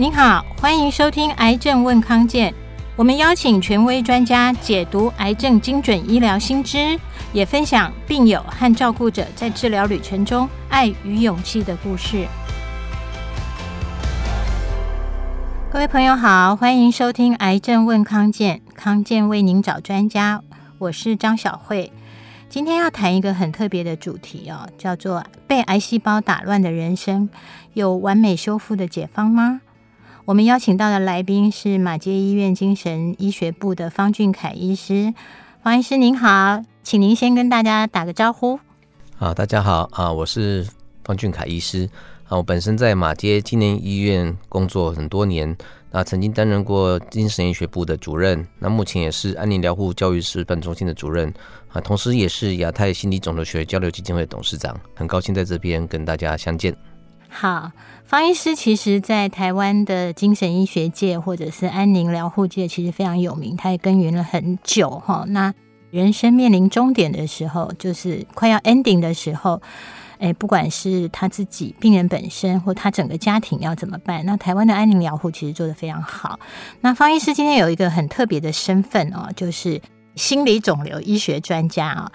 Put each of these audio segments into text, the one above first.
您好，歡迎收聽《癌症問康健》，我們邀請權威專家解讀癌症精準醫療新知，也分享病友和照顧者在治療旅程中愛與勇氣的故事。各位朋友好，歡迎收聽《癌症問康健》，康健為您找專家，我是張曉卉，今天要談一個很特別的主題哦，叫做“被癌細胞打亂的人生，有完美修復的解方嗎？”我們邀請到的來賓是馬偕醫院精神醫學部的方俊凱醫師。方醫師您好，請您先跟大家打個招呼。啊，大家好啊，我是方俊凱醫師啊。我本身在馬偕紀念醫院工作很多年，啊、曾經擔任過精神醫學部的主任，那，啊、目前也是安寧療護教育示範中心的主任啊，同時也是亞太心理腫瘤學交流基金會董事長。很高興在這邊跟大家相見。好，方醫師其實在台灣的精神醫學界或者是安寧療護界，其實非常有名，他也耕耘了很久哈。那人生面臨終點的時候，就是快要 ending 的時候，欸、不管是他自己、病人本身或他整個家庭要怎麼辦？那台灣的安寧療護其實做得非常好。那方醫師今天有一個很特別的身份哦，就是心理腫瘤醫學專家啊。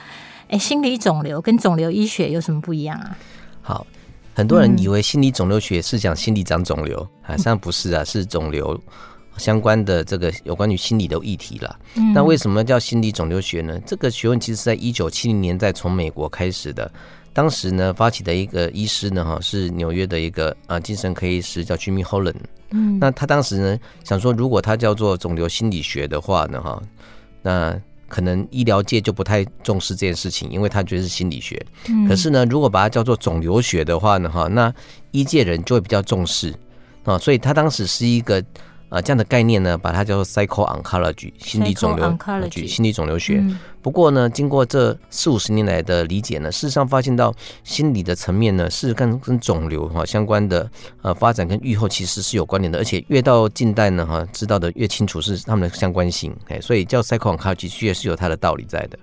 哎、欸，心理腫瘤跟腫瘤醫學有什麼不一樣啊？好。很多人以為心理腫瘤學是講心理長腫瘤，好、嗯、像不是啊，是腫瘤相關的這個有關於心理的議題了、嗯。那為什麼叫心理腫瘤學呢？這個學問其實是在一九七零年代從美國開始的。當時呢，發起的一個醫師呢，哈，是紐約的一個啊精神科醫師叫 Jimmy Holland。嗯、那他當時呢想說，如果他叫做腫瘤心理學的話呢，哈，那。可能醫療界就不太重視這件事情，因為他覺得是心理學、嗯。可是呢，如果把它叫做腫瘤學的話呢，哈，那醫界人就會比較重視啊。所以他當時是一個。呃、啊，這樣的概念呢，把它叫做 psycho-oncology，心理腫瘤心理腫瘤學，嗯。不過呢，經過這四五十年來的理解呢，事實上發現到心理的層面呢，是跟跟腫瘤哈相關的，呃，發展跟預後其實是有關聯的，而且越到近代呢，哈，知道的越清楚是它們的相關性，哎，所以叫 psycho-oncology 其實也是有它的道理在的。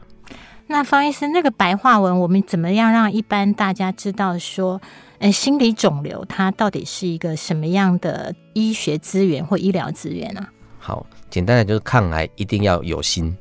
那方醫生，那個白話文，我們怎麼樣讓一般大家知道說，呃，心理腫瘤它到底是一個什麼樣的醫學資源或醫療資源呢、啊？好，簡單的就是抗癌一定要有心，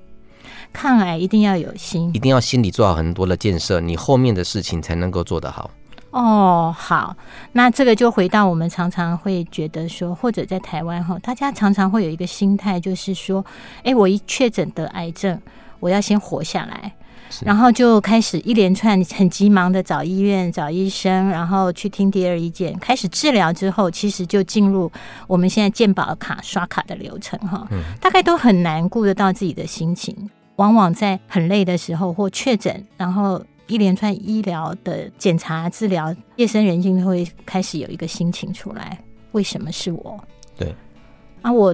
抗癌一定要有心，一定要心理做好很多的建設，你後面的事情才能夠做得好。哦，好，那這個就回到我們常常會覺得說，或者在台灣哈，大家常常會有一個心態，就是說，哎、欸，我一確診得癌症，我要先活下來。然後就開始一連串很急忙的找醫院找醫生，然後去聽第二意見，開始治療之後，其實就進入我們現在健保卡刷卡的流程哈、哦嗯。大概都很難顧得到自己的心情，往往在很累的時候或確診，然後一連串醫療的檢查治療，夜深人靜會開始有一個心情出來。為什麼是我？對，啊，我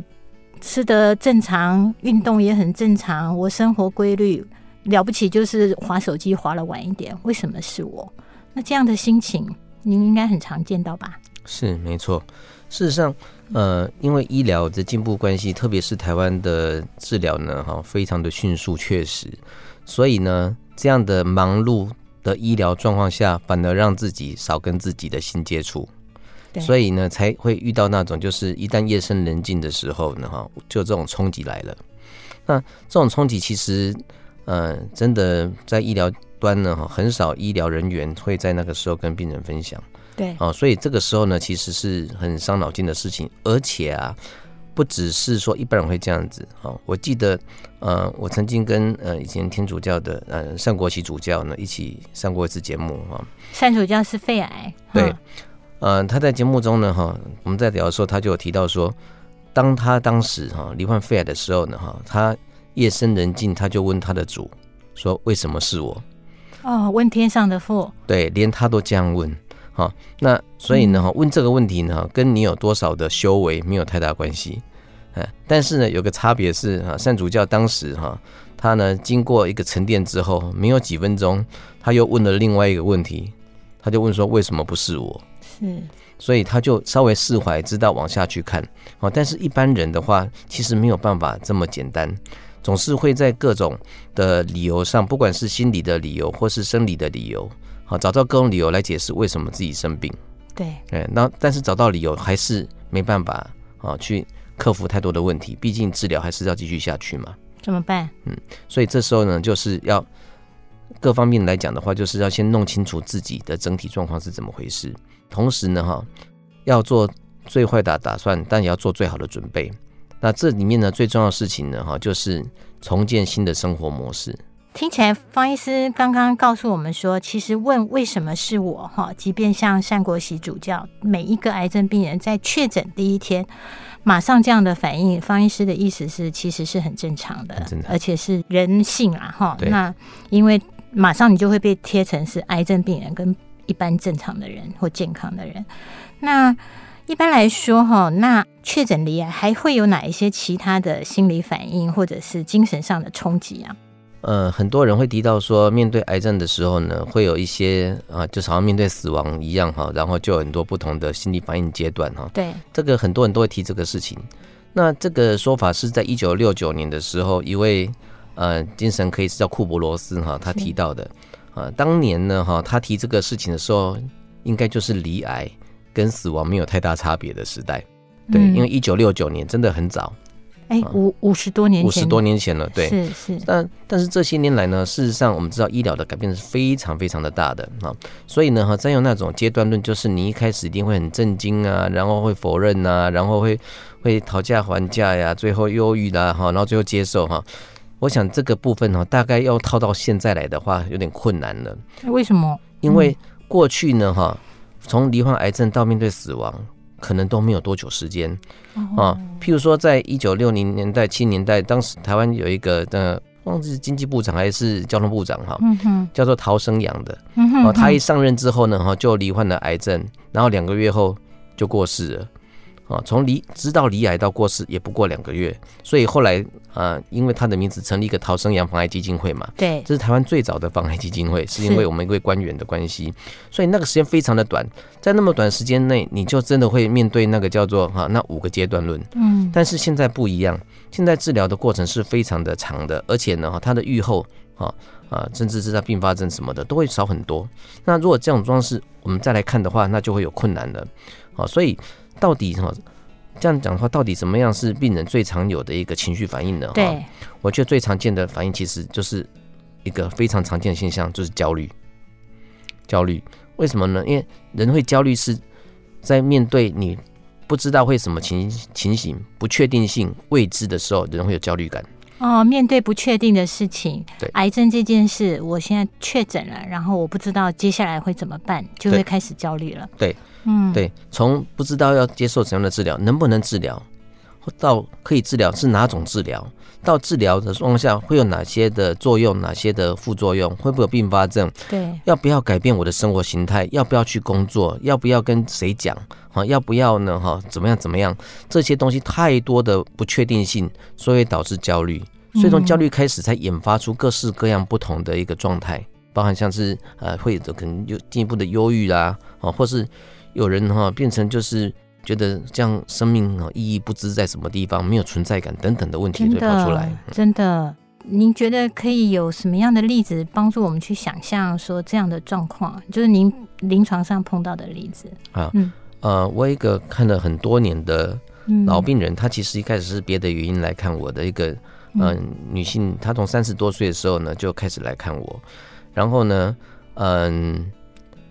吃得正常，運動也很正常，我生活規律。了不起，就是滑手機滑了晚一點，為什麼是我？那這樣的心情，您應該很常見到吧？是沒錯。事實上，呃，因為醫療的進步關係，特別是台灣的治療呢，哈，非常的迅速確實，所以呢，這樣的忙碌的醫療狀況下，反而讓自己少跟自己的心接觸，對。所以呢，才會遇到那種就是一旦夜深人靜的時候呢，哈，就這種衝擊來了。那這種衝擊其實。嗯，真的在醫療端呢，哈，很少醫療人員會在那個時候跟病人分享，對，哦，所以這個時候呢，其實是很傷腦筋的事情，而且啊，不只是說一般人會這樣子，哦，我記得，呃，我曾經跟呃以前天主教的呃單國璽主教呢一起上過一次節目，哈、哦，單主教是肺癌，對，呃，他在節目中呢，哈、哦，我們在聊的時候，他就有提到說，當他當時哈、哦、罹患肺癌的時候呢，哈、哦，他。夜深人靜，他就問他的主說：“為什麼是我？”哦，問天上的父。對，連他都這樣問。哦、那所以呢，哈、嗯，問這個問題呢，跟你有多少的修為沒有太大關係。但是呢，有個差別是哈、啊，單主教當時哈、啊，他呢經過一個沉澱之後，沒有幾分鐘，他又問了另外一個問題，他就問說：“為什麼不是我？”是，所以他就稍微釋懷，知道往下去看、哦。但是一般人的話，其實沒有辦法這麼簡單。總是會在各種的理由上，不管是心理的理由或是生理的理由，好，找到各種理由來解釋為什麼自己生病。對，哎，那但是找到理由還是沒辦法啊，去克服太多的問題，畢竟治療還是要繼續下去嘛。怎麼辦？嗯，所以這時候呢，就是要各方面來講的話，就是要先弄清楚自己的整體狀況是怎麼回事。同時呢，哈，要做最壞的打算，但也要做最好的準備。那這裡面呢，最重要的事情呢，哈，就是重建新的生活模式。聽起來方醫師剛剛告訴我們說，其實問為什麼是我，哈，即便像單國璽主教，每一個癌症病人在確診第一天，馬上這樣的反應，方醫師的意思是，其實是很正常的，常而且是人性啊。哈。那因為馬上你就會被貼成是癌症病人，跟一般正常的人或健康的人，那。一般來說，哈，那確診罹癌還會有哪一些其他的心理反應或者是精神上的衝擊啊？呃，很多人會提到說，面對癌症的時候呢，會有一些啊，就是、好像面對死亡一樣哈，然後就有很多不同的心理反應階段哈。對，這個很多人都會提這個事情。那這個說法是在一九六九年的時候，一位呃精神科醫師叫庫伯羅斯哈、啊，他提到的。啊，當年呢哈、啊，他提這個事情的時候，應該就是罹癌。跟死亡沒有太大差別的時代，對，嗯、因為一九六九年真的很早，哎、欸，五五十多年，五十多年前了，對，是是但，但但是這些年來呢，事實上我們知道醫療的改變是非常非常的大的、啊、所以呢哈，再、啊、有那種階段論，就是你一開始一定會很震驚啊，然後會否認啊，然後會會討價還價呀、啊，最後憂鬱啦哈，然後最後接受哈、啊，我想這個部分哈、啊，大概要套到現在來的話，有點困難了，為什麼？嗯、因為過去呢哈。啊從罹患癌症到面對死亡，可能都沒有多久時間，oh. 啊。譬如說，在一九六零年代、七零年代，當時台灣有一個的，忘、呃、記是經濟部長還是交通部長哈，叫做陶生陽的，哦、啊，他一上任之後呢，哈，就罹患了癌症，然後兩個月後就過世了。啊，從離知道罹癌到過世也不過兩個月，所以後來啊、呃，因為他的名字成立一個陶聲洋防癌基金會嘛，對，這是台灣最早的防癌基金會，是因為我們一位官員的關係，所以那個時間非常的短，在那麼短時間內，你就真的會面對那個叫做哈、啊、那五個階段論，嗯，但是現在不一樣，現在治療的過程是非常的長的，而且呢哈，它的預後啊啊，甚至是在併發症什麼的都會少很多。那如果這種狀況我們再來看的話，那就會有困難了，好、啊，所以。到底什麼，這樣講的話，到底怎麼樣是病人最常有的一個情緒反應呢？哈，我覺得最常見的反應其實就是一個非常常見的現象，就是焦慮。焦慮為什麼呢？因為人會焦慮是在面對你不知道會什麼情情形、不確定性、未知的時候，人會有焦慮感。哦，面對不確定的事情，對，癌症這件事，我現在確診了，然後我不知道接下來會怎麼辦，就會開始焦慮了。對，對嗯，對，從不知道要接受怎樣的治療，能不能治療，到可以治療是哪種治療，到治療的情況下會有哪些的作用，哪些的副作用，會不會有併發症，對，要不要改變我的生活形態，要不要去工作，要不要跟誰講。哦、要不要呢？哈、哦，怎麼樣？怎麼樣？這些東西太多的不確定性，所以導致焦慮。所以從焦慮開始，才引發出各式各樣不同的一個狀態、嗯，包含像是呃，會有可能有進一步的憂鬱啦，啊、哦，或是有人哈、哦、變成就是覺得這樣生命哦意義不知在什麼地方，沒有存在感等等的問題，就會跑出來、嗯，真的。真的，您覺得可以有什麼樣的例子幫助我們去想象說這樣的狀況？就是您臨床上碰到的例子啊，嗯。嗯呃，我有一個看了很多年的老病人，他、嗯、其實一開始是別的原因來看我的一個，呃、嗯，女性，她從三十多歲的時候呢就開始來看我，然後呢，嗯，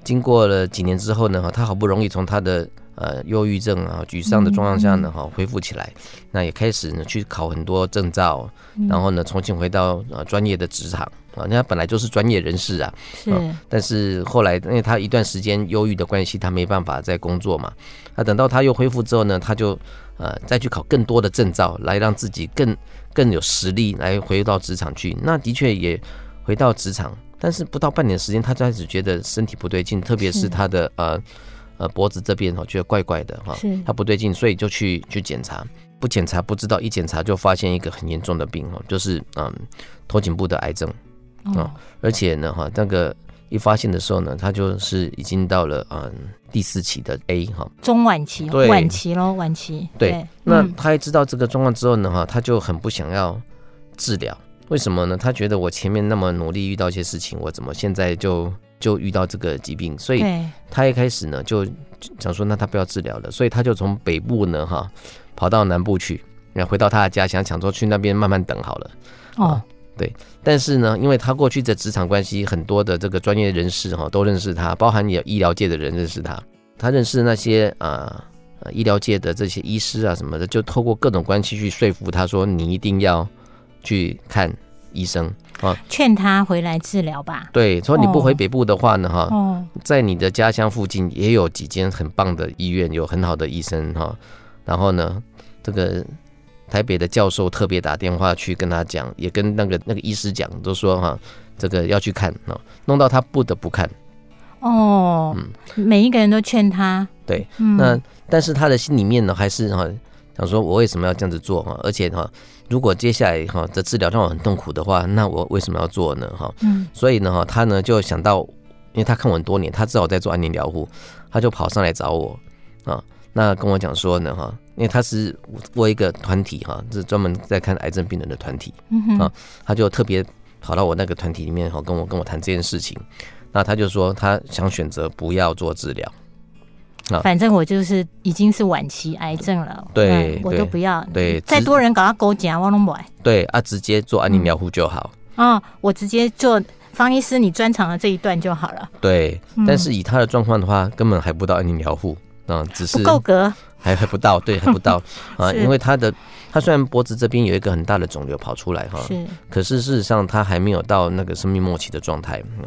經過了幾年之後呢，她好不容易從她的。呃，憂鬱症啊，沮喪的狀況下呢，哈、哦，恢復起來，嗯嗯，那也開始呢去考很多證照，然後呢，重新回到呃專業的職場啊，那、呃、本來就是專業人士啊，是、呃。但是後來，因為他一段時間憂鬱的關係，他沒辦法再工作嘛。那、啊、等到他又恢復之後呢，他就呃再去考更多的證照，來讓自己更更有實力，來回到職場去。那的確也回到職場，但是不到半年時間，他就開始覺得身體不對勁，特別是他的是呃。呃，脖子這邊哈，覺得怪怪的哈，他不對勁，所以就去去檢查，不檢查不知道，一檢查就發現一個很嚴重的病哈，就是嗯，頭頸部的癌症啊，哦，而且呢哈，那個一發現的時候呢，他就是已經到了嗯第四期的 A 哈，中晚期，晚期嘍，晚期。對，對，嗯，那他一知道這個狀況之後呢哈，他就很不想要治療，為什麼呢？他覺得我前面那麼努力，遇到一些事情，我怎麼現在就？就遇到這個疾病，所以他一開始呢就想說，那他不要治療了，所以他就從北部呢哈跑到南部去，然後回到他的家鄉，想說去那邊慢慢等好了。哦，對，但是呢，因為他過去的職場關係，很多的這個專業人士哈都認識他，包含有醫療界的人認識他，他認識那些啊醫療界的這些醫師啊什麼的，就透過各種關係去說服他說，你一定要去看。醫生啊，勸他回來治療吧。對，所以你不回北部的話呢，哦、哈，在你的家鄉附近也有幾間很棒的醫院，有很好的醫生哈。然後呢，這個台北的教授特別打電話去跟他講，也跟那個那個醫師講，都說哈，這個要去看，弄到他不得不看。哦，嗯，每一個人都勸他，對，嗯、那但是他的心裡面呢，還是哈。想說，我為什麼要這樣子做哈？而且哈，如果接下來哈的治療讓我很痛苦的話，那我為什麼要做呢哈？嗯。所以呢哈，他呢就想到，因為他看我很多年，他至少在做安寧療護，他就跑上來找我啊，那跟我講說呢哈，因為他是我一個團體哈，是專門在看癌症病人的團體，啊、嗯，他就特別跑到我那個團體裡面哈，跟我跟我談這件事情。那他就說，他想選擇不要做治療。反正我就是已經是晚期癌症了，嗯、對，對，我都不要，對，再多人搞他勾結啊，我都不要，對啊，直接做安寧療護就好。啊、嗯哦，我直接做方醫師你專長的這一段就好了。對，但是以他的狀況的話，根本還不到安寧療護啊，只是不夠格，還還不到不，對，還不到 啊，因為他的他雖然脖子這邊有一個很大的腫瘤跑出來哈、啊，是，可是事實上他還沒有到那個生命末期的狀態、嗯，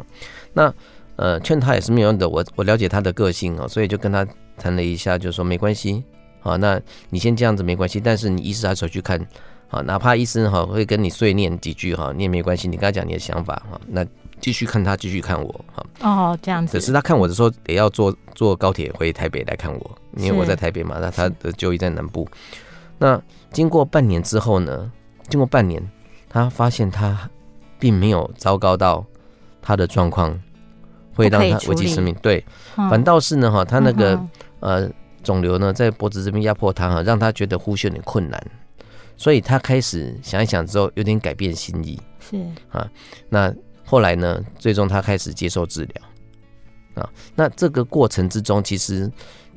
那。呃，勸他也是沒有用的。我我了解他的個性啊、哦，所以就跟他談了一下，就說沒關係啊、哦。那你先這樣子沒關係，但是你醫師還是要去看，啊、哦，哪怕醫生哈、哦、會跟你碎念幾句哈、哦，你也沒關係。你跟他講你的想法哈、哦，那繼續看他，繼續看我哈、哦。哦，這樣子。可是他看我的時候，也要坐坐高鐵回台北來看我，因為我在台北嘛。那他的就醫在南部。那經過半年之後呢，經過半年，他發現他並沒有糟糕到他的狀況會讓他危及生命，對、嗯，反倒是呢，哈，他那個、嗯、呃腫瘤呢，在脖子這邊壓迫他，哈，讓他覺得呼吸有點困難，所以他開始想一想之後，有點改變心意，是啊，那後來呢，最終他開始接受治療，啊，那這個過程之中，其實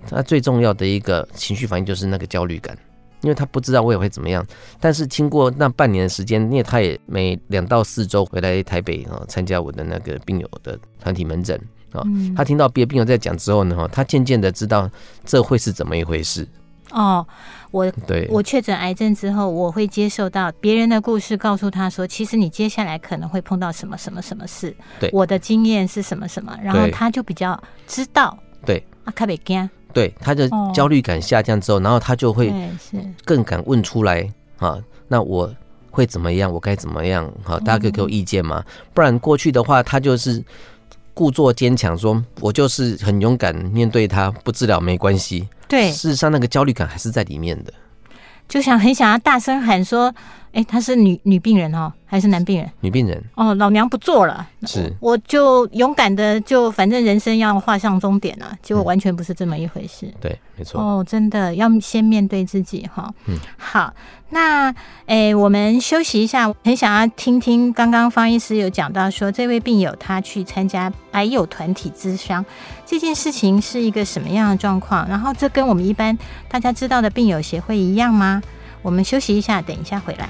他最重要的一個情緒反應就是那個焦慮感。因為他不知道我也會怎麼樣，但是經過那半年的時間，因為他也每兩到四周回來台北啊、哦，參加我的那個病友的團體門診啊、哦嗯，他聽到別的病友在講之後呢，他漸漸的知道這會是怎麼一回事。哦，我對我確診癌症之後，我會接受到別人的故事，告訴他說，其實你接下來可能會碰到什麼什麼什麼事。對，我的經驗是什麼什麼，然後他就比較知道。對，啊，開北間。對，他的焦慮感下降之後、哦，然後他就會更敢問出來啊。那我會怎麼樣？我該怎麼樣？哈、啊，大家可以給我意見嘛、嗯。不然過去的話，他就是故作堅強說，說我就是很勇敢面對他，不治療沒關係。對，事實上那個焦慮感還是在裡面的，就想很想要大聲喊說。誒、欸，她，是女女病人哦，還是男病人？女病人哦，老娘不做了，是我就勇敢的，就反正人生要畫上終點了，結、嗯、果完全不是這麼一回事。對，沒錯哦，真的要先面對自己哈、哦。嗯，好，那哎、欸，我們休息一下，很想要聽聽剛剛方醫師有講到說，這位病友他去參加癌友團體諮商這件事情是一個什麼樣的狀況，然後這跟我們一般大家知道的病友協會一樣嗎？我們休息一下，等一下回來。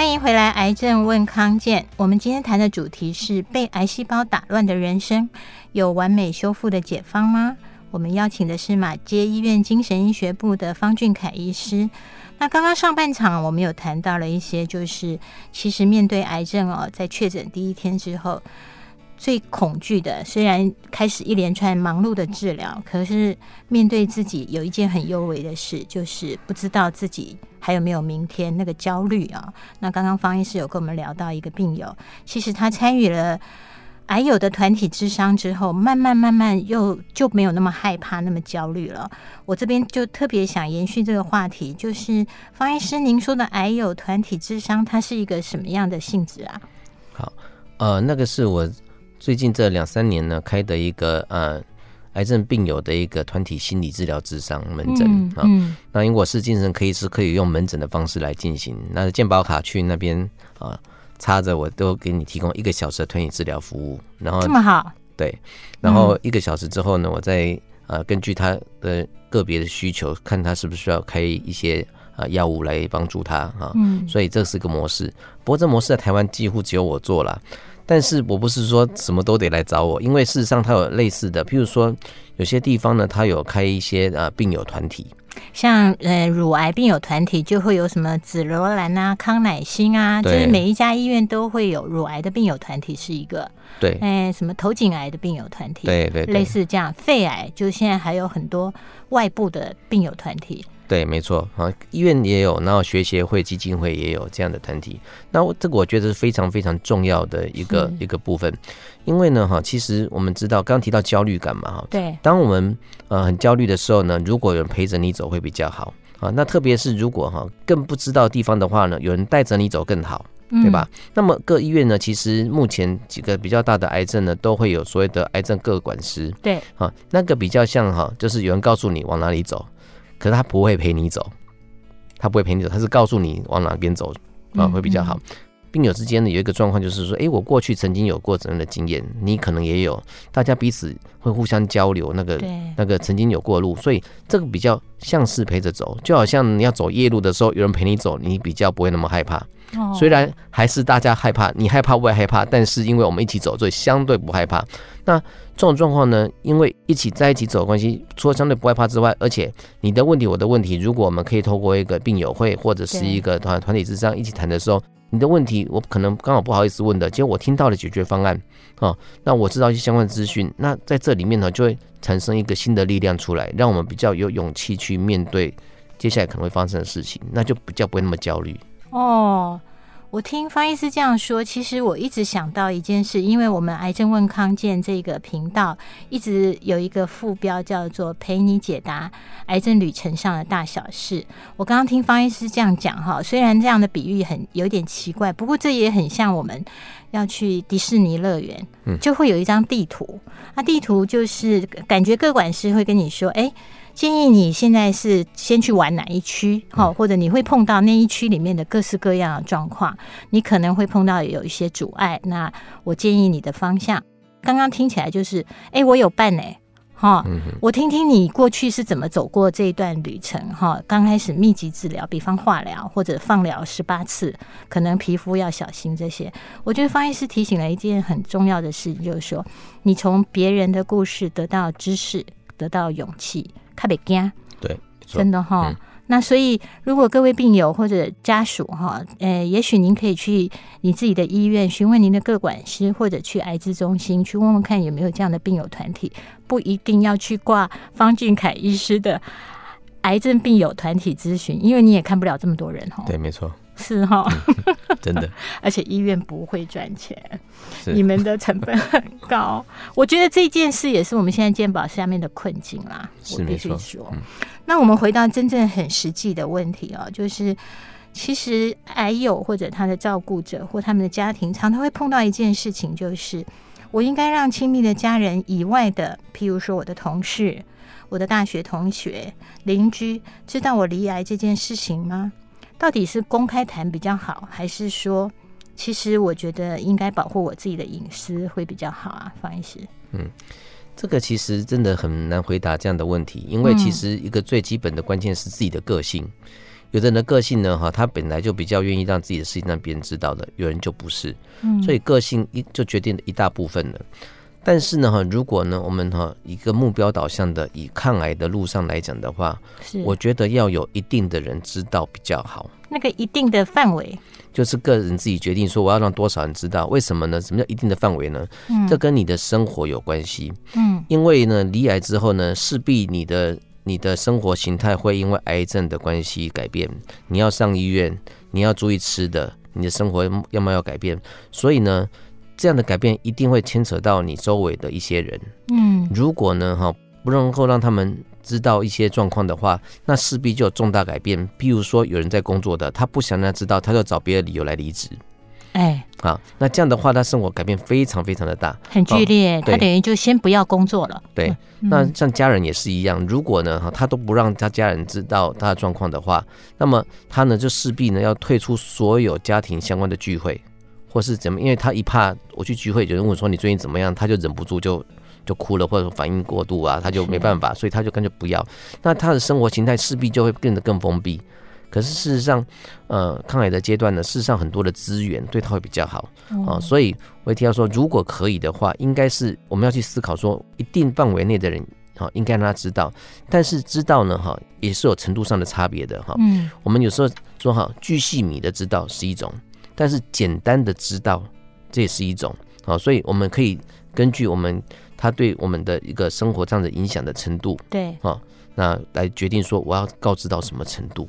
歡迎回來，《癌症問康健》。我們今天談的主題是被癌細胞打亂的人生，有完美修復的解方嗎？我們邀請的是馬偕醫院精神醫學部的方俊凱醫師。那剛剛上半場，我們有談到了一些，就是其實面對癌症哦，在確診第一天之後。最恐懼的，雖然開始一連串忙碌的治療，可是面對自己有一件很幽微的事，就是不知道自己還有沒有明天。那個焦慮啊、哦，那剛剛方醫師有跟我們聊到一個病友，其實他參與了癌友的團體諮商之後，慢慢慢慢又就沒有那麼害怕、那麼焦慮了。我這邊就特別想延續這個話題，就是方醫師，您說的癌友團體諮商，它是一個什麼樣的性質啊？好，呃，那個是我。最近這兩三年呢，開的一個呃癌症病友的一個團體心理治療諮商門診、嗯嗯、啊，那因為我是精神科醫師，可以用門診的方式來進行。那健保卡去那邊啊插着，我都給你提供一個小時的團體治療服務，然後這麼好對，然後一個小時之後呢，我再呃根據他的個別的需求，看他是不是需要開一些呃藥物來幫助他啊、嗯，所以這是個模式。不過這模式在台灣幾乎只有我做了。但是我不是說什麼都得來找我，因為事實上他有類似的，譬如說有些地方呢，他有開一些呃病友團體，像呃乳癌病友團體就會有什麼紫羅蘭啊、康乃馨啊，就是每一家醫院都會有乳癌的病友團體是一個，對，哎、呃、什麼頭頸癌的病友團體，對，對對，類似這樣肺癌，就現在還有很多外部的病友團體。對，沒錯啊，醫院也有，然後學協會、基金會也有這樣的團體。那這個我覺得是非常非常重要的一個、嗯、一個部分，因為呢，哈、啊，其實我們知道，剛剛提到焦慮感嘛，哈、啊，對。當我們呃很焦慮的時候呢，如果有人陪着你走會比較好啊。那特別是如果哈、啊、更不知道地方的話呢，有人帶着你走更好，對吧、嗯？那麼各醫院呢，其實目前幾個比較大的癌症呢，都會有所謂的癌症個管師，對，啊，那個比較像哈、啊，就是有人告訴你往哪裡走。可是他不會陪你走，他不會陪你走，他是告訴你往哪邊走啊會比較好。病、嗯、友、嗯、之間呢有一個狀況就是說，哎、欸，我過去曾經有過怎樣的經驗，你可能也有，大家彼此會互相交流，那個那個曾經有過路，所以這個比較像是陪着走，就好像你要走夜路的時候有人陪你走，你比較不會那麼害怕。哦、雖然還是大家害怕，你害怕我也害怕，但是因為我們一起走，所以相對不害怕。那這種狀況呢，因為一起在一起走的關係，除了相對不害怕之外，而且你的問題、我的問題，如果我們可以透過一個病友會或者是一個團團體諮商，一起談的時候，你的問題我可能剛好不好意思問的，結果我聽到了解決方案，哦，那我知道一些相關的資訊，那在這裡面呢就會產生一個新的力量出來，讓我們比較有勇氣去面對接下來可能會發生的事情，那就比較不會那麼焦慮哦。我聽方醫師這樣說，其實我一直想到一件事，因為我們癌症問康健這個頻道一直有一個副標叫做“陪你解答癌症旅程上的大小事”。我剛剛聽方醫師這樣講哈，雖然這樣的比喻很有點奇怪，不過這也很像我們要去迪士尼樂園，就會有一張地圖，那、啊、地圖就是感覺個管師會跟你說，哎、欸。建議你現在是先去玩哪一區？哈，或者你會碰到那一區裡面的各式各樣的狀況，你可能會碰到有一些阻礙。那我建議你的方向，剛剛聽起來就是，哎，我有伴哎，哈，我聽聽你過去是怎麼走過這一段旅程哈。剛開始密集治療，比方化療或者放療十八次，可能皮膚要小心這些。我覺得方醫師提醒了一件很重要的事情，就是說，你從別人的故事得到知識，得到勇氣。特別驚，對，真的哈、嗯。那所以，如果各位病友或者家屬哈，呃、欸，也許您可以去你自己的醫院詢問您的個管師，或者去癌症中心去問問看有沒有這樣的病友團體。不一定要去掛方俊凱醫師的癌症病友團體諮詢，因為你也看不了這麼多人齁。對，沒錯。是哈、嗯，真的， 而且醫院不會賺錢，你們的成本很高。 我覺得這件事也是我們現在健保下面的困境啦。我必須說、嗯，那我們回到真正很實際的問題哦、喔，就是其實癌友或者他的照顧者或他們的家庭，常常會碰到一件事情，就是我應該讓親密的家人以外的，譬如說我的同事、我的大學同學、鄰居，知道我罹癌這件事情嗎？到底是公開談比較好，還是說，其實我覺得應該保護我自己的隱私會比較好啊？方醫師，嗯，這個其實真的很難回答這樣的問題，因為其實一個最基本的關鍵是自己的個性。嗯。有人的個性呢，哈，他本來就比較願意讓自己的事情讓別人知道的，有人就不是，所以個性一就決定了一大部分了。嗯嗯但是呢，哈，如果呢，我們哈一個目標導向的，以抗癌的路上來講的話，是我覺得要有一定的人知道比較好。那個一定的範圍，就是個人自己決定說我要讓多少人知道。為什麼呢？什麼叫一定的範圍呢？嗯，這跟你的生活有關係。嗯，因為呢，罹癌之後呢，勢必你的你的生活型態會因為癌症的關係改變。你要上醫院，你要注意吃的，你的生活要不要改變？所以呢。這樣的改變一定會牽扯到你周圍的一些人。嗯，如果呢哈不能夠讓他們知道一些狀況的話，那勢必就有重大改變。譬如說有人在工作的，他不想讓他知道，他就找別的理由來離職。哎、欸，好，那這樣的話，他生活改變非常非常的大，很劇烈、哦。他等於就先不要工作了。對，那像家人也是一樣，如果呢哈他都不讓他家人知道他的狀況的話，那麼他呢就勢必呢要退出所有家庭相關的聚會。或是怎麼？因為他一怕我去聚會，有人問說你最近怎麼樣，他就忍不住就就哭了，或者說反應過度啊，他就沒辦法，所以他就乾脆不要。那他的生活形態勢必就會變得更封閉。可是事實上，呃，抗癌的階段呢，事實上很多的資源對他會比較好、哦、啊。所以我提到說，如果可以的話，應該是我們要去思考說，一定範圍內的人啊，應該讓他知道。但是知道呢，哈、啊，也是有程度上的差別的哈、啊。嗯。我們有時候說哈、啊，鉅細靡遺地知道是一種。但是簡單的知道，這也是一種啊，所以我們可以根據我們他對我們的一個生活這樣的影響的程度，對啊、哦，那來決定說我要告知到什麼程度。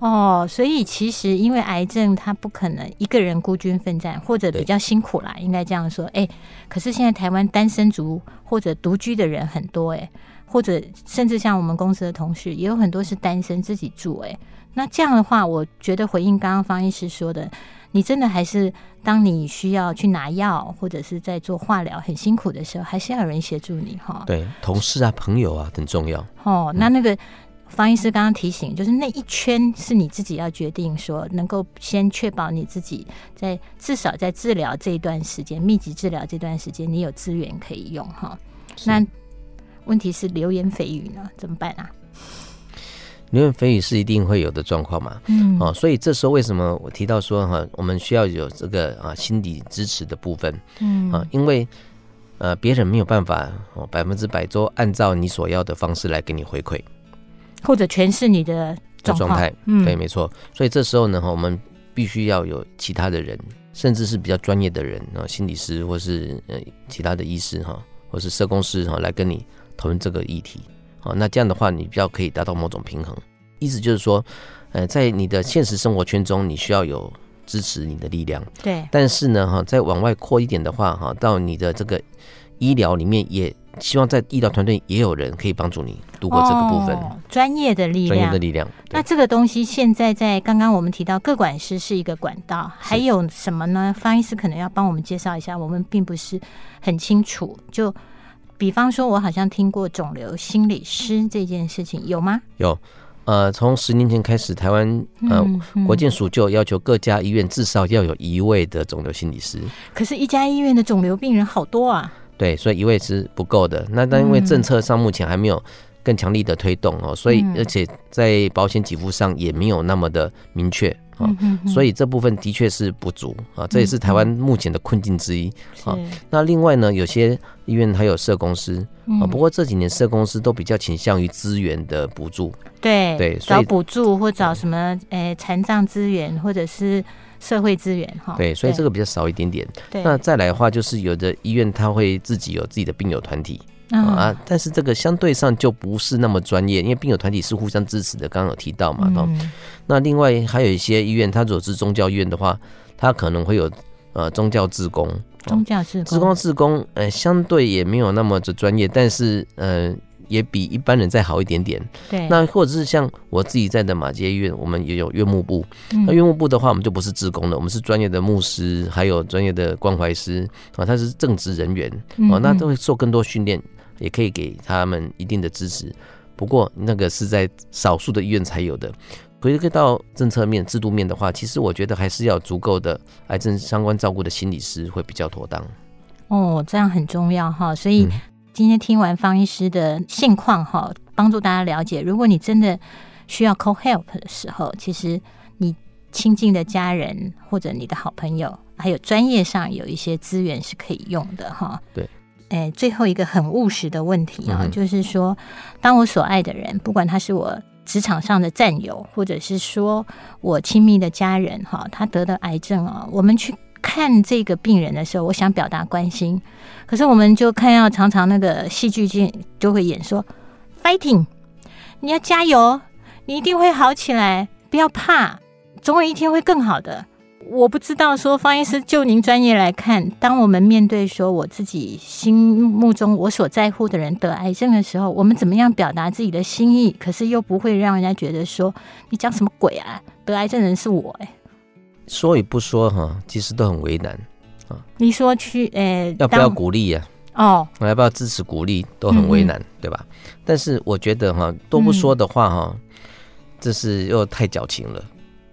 哦，所以其實因為癌症，他不可能一個人孤軍奮戰，或者比較辛苦啦，應該這樣說。哎、欸，可是現在台灣單身族或者獨居的人很多、欸，哎，或者甚至像我們公司的同事也有很多是單身自己住、欸，哎，那這樣的話，我覺得回應剛剛方醫師說的，你真的還是，當你需要去拿藥或者是在做化療很辛苦的時候，還是要有人協助你哈。對，同事啊、朋友啊很重要。哦，那那個方醫師剛剛提醒，就是那一圈是你自己要決定說，說能夠先確保你自己在至少在治療這一段時間、密集治療這段時間，你有資源可以用哈。那問題是流言蜚語呢，怎麼辦啊？流言蜚語是一定會有的狀況嘛，嗯，哦、啊，所以這時候為什麼我提到說哈、啊，我們需要有這個啊心理支持的部分，嗯，啊，因為呃別、啊、人沒有辦法、啊、百分之百都按照你所要的方式來給你回饋，或者詮釋你的狀態，嗯，對，沒錯，所以這時候呢，哈、啊，我們必須要有其他的人，甚至是比較專業的人啊，心理師或是呃其他的醫師哈、啊，或是社工師哈、啊，來跟你討論這個議題。哦，那這樣的話，你比較可以達到某種平衡。意思就是說，呃，在你的現實生活圈中，你需要有支持你的力量。對。但是呢，哈，再往外擴一點的話，哈，到你的這個醫療裡面也，也希望在醫療團隊也有人可以幫助你度過這個部分。哦，專業的力量。專業的力量。那這個東西現在在剛剛我們提到，個管師是一個管道，還有什麼呢？方醫師可能要幫我們介紹一下，我們並不是很清楚就。比方說，我好像聽過腫瘤心理師這件事情，有嗎？有，呃，從十年前開始，台灣呃、嗯嗯、國健署就要求各家醫院至少要有一位的腫瘤心理師。可是，一家醫院的腫瘤病人好多啊。對，所以一位是不夠的。那但因為政策上目前還沒有更強力的推動哦、嗯，所以而且在保險給付上也沒有那麼的明確。所以這部分的確是不足啊，這也是台灣目前的困境之一啊。那另外呢，有些醫院還有社工師，啊、嗯，不過這幾年社工師都比較傾向於資源的補助，對，對，找補助或找什麼誒，殘障資源或者是社會資源哈。對，所以這個比較少一點點。對對那再來的話，就是有的醫院他會自己有自己的病友團體。哦、啊，但是這個相對上就不是那麼專業，因為病友團體是互相支持的，剛剛有提到嘛、嗯哦。那另外還有一些醫院，它如果是宗教醫院的話，它可能會有呃宗教志工、宗教志工、志、哦、工志工，呃，相對也沒有那麼的專業，但是呃也比一般人再好一點點。對，那或者是像我自己在的馬偕醫院，我們也有院牧部，那、嗯啊、院牧部的話，我們就不是志工的，我們是專業的牧師，還有專業的關懷師啊、哦，他是正職人員啊、哦，那都會做更多訓練。嗯嗯也可以給他們一定的支持，不過那個是在少數的醫院才有的。回到政策面、制度面的話，其實我覺得還是要足夠的癌症相關照顧的心理師會比較妥當。哦，這樣很重要哈。所以今天聽完方醫師的現況哈，嗯、幫助大家了解，如果你真的需要 call help 的時候，其實你親近的家人或者你的好朋友，還有專業上有一些資源是可以用的哈。對。哎、欸，最後一個很務實的問題啊、嗯，就是說，當我所愛的人，不管他是我職場上的戰友，或者是說我親密的家人，哈，他得了癌症啊，我們去看這個病人的時候，我想表達關心，可是我們就看要常常那個戲劇就會演說 ，Fighting，你要加油，你一定會好起來，不要怕，總有一天會更好的。我不知道說方醫師就您專業來看，當我們面對說我自己心目中我所在乎的人得癌症的時候，我們怎麼樣表達自己的心意？可是又不會讓人家覺得說你講什麼鬼啊？得癌症人是我哎、欸，說與不說哈，其實都很為難啊。你說去誒、欸，要不要鼓勵呀、啊？哦，我要不要支持鼓勵都很為難嗯嗯，對吧？但是我覺得哈，都不說的話哈，這是又太矯情了。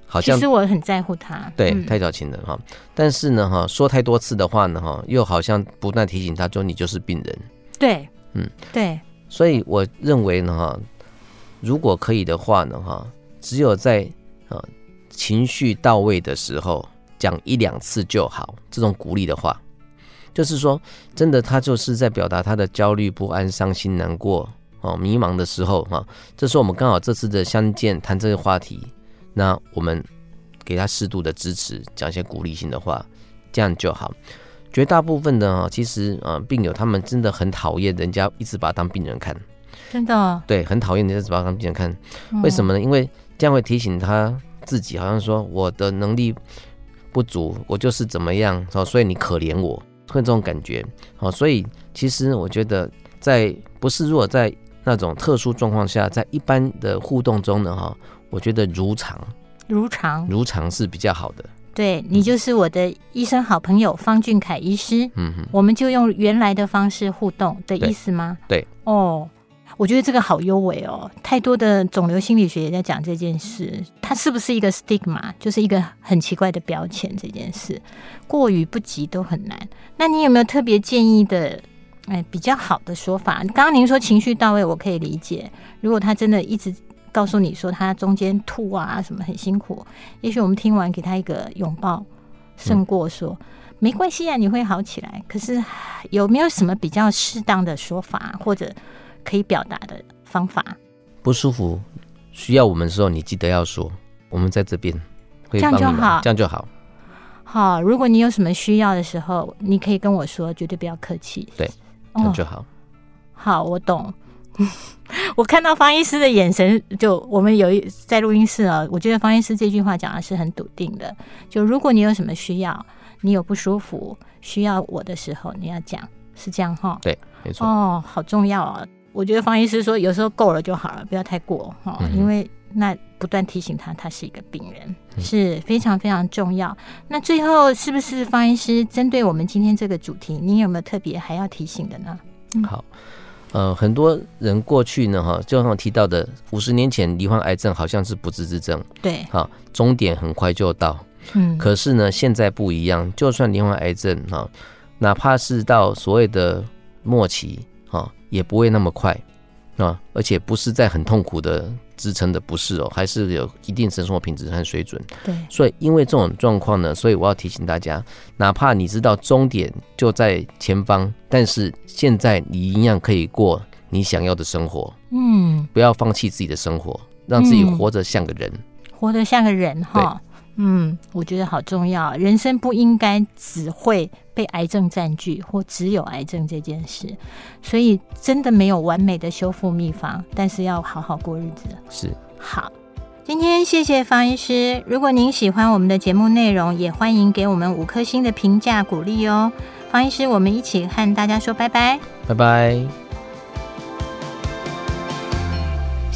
好像其實我很在乎他，對，太矯情了哈，嗯。但是呢，哈，說太多次的話呢，哈，又好像不斷提醒他說你就是病人。對，嗯，對。所以我認為呢，哈，如果可以的話呢，哈，只有在啊情緒到位的時候講一兩次就好。這種鼓勵的話，就是說，真的，他就是在表達他的焦慮不安、傷心難過、哦迷茫的時候哈。這是我們剛好這次的相見，談這個話題。那我們給他適度的支持，講一些鼓勵性的話，這樣就好。絕大部分的啊，其實啊，病友他們真的很討厭人家一直把他當病人看，真的。對，很討厭人家一直把他當病人看。嗯。為什麼呢？因為這樣會提醒他自己，好像說我的能力不足，我就是怎麼樣，所以你可憐我，會這種感覺。所以其實我覺得在，在不是如果在那種特殊狀況下，在一般的互動中呢，哈。我覺得如常，如常，如常是比較好的。對，你就是我的醫生好朋友方俊凱醫師，嗯哼，我們就用原來的方式互動的意思嗎？對，哦，oh, 我覺得這個好優美哦。太多的腫瘤心理學也在講這件事，它是不是一個 stigma，就是一個很奇怪的標籤？這件事過於不及都很難。那你有沒有特別建議的？哎，比較好的說法。剛剛您說情緒到位，我可以理解。如果他真的一直。告訴你說他中間吐啊什麼很辛苦，也許我們聽完給他一個擁抱，勝過說、嗯、沒關係啊，你會好起來。可是有沒有什麼比較適當的說法或者可以表達的方法？不舒服需要我們的時候，你記得要說，我們在這邊這樣就好，這樣就好。好，如果你有什麼需要的時候，你可以跟我說，絕對不要客氣。對，那就好、哦。好，我懂。 我看到方醫師的眼神，就我們有一在錄音室啊、哦。我覺得方醫師這句話講的是很篤定的。就如果你有什麼需要，你有不舒服需要我的時候，你要講，是這樣哈。對，沒錯。哦，好重要啊、哦！我覺得方醫師說，有時候夠了就好了，不要太過哦、嗯，因為那不斷提醒他他是一個病人、嗯、是非常非常重要。那最後是不是方醫師針對我們今天這個主題，您有沒有特別還要提醒的呢？嗯、好。呃，很多人過去呢，哈、哦，就像我提到的，五十年前罹患癌症，好像是不治之症，對，哈、哦，終點很快就到。嗯，可是呢，現在不一樣，就算罹患癌症哈、哦，哪怕是到所謂的末期啊、哦，也不會那麼快，啊、哦，而且不是在很痛苦的。支撐的不是哦，還是有一定生活品質和水準。對，所以因為這種狀況呢，所以我要提醒大家，哪怕你知道終點就在前方，但是現在你一樣可以過你想要的生活。嗯，不要放棄自己的生活，讓自己活着像個人，嗯、活得像個人哈、哦。嗯，我覺得好重要。人生不應該只會被癌症佔據，或只有癌症這件事。所以真的沒有完美的修復秘方，但是要好好過日子。是好，今天謝謝方醫師。如果您喜歡我們的節目內容，也歡迎給我們五顆星的評價鼓勵哦。方醫師，我們一起和大家說拜拜，拜拜。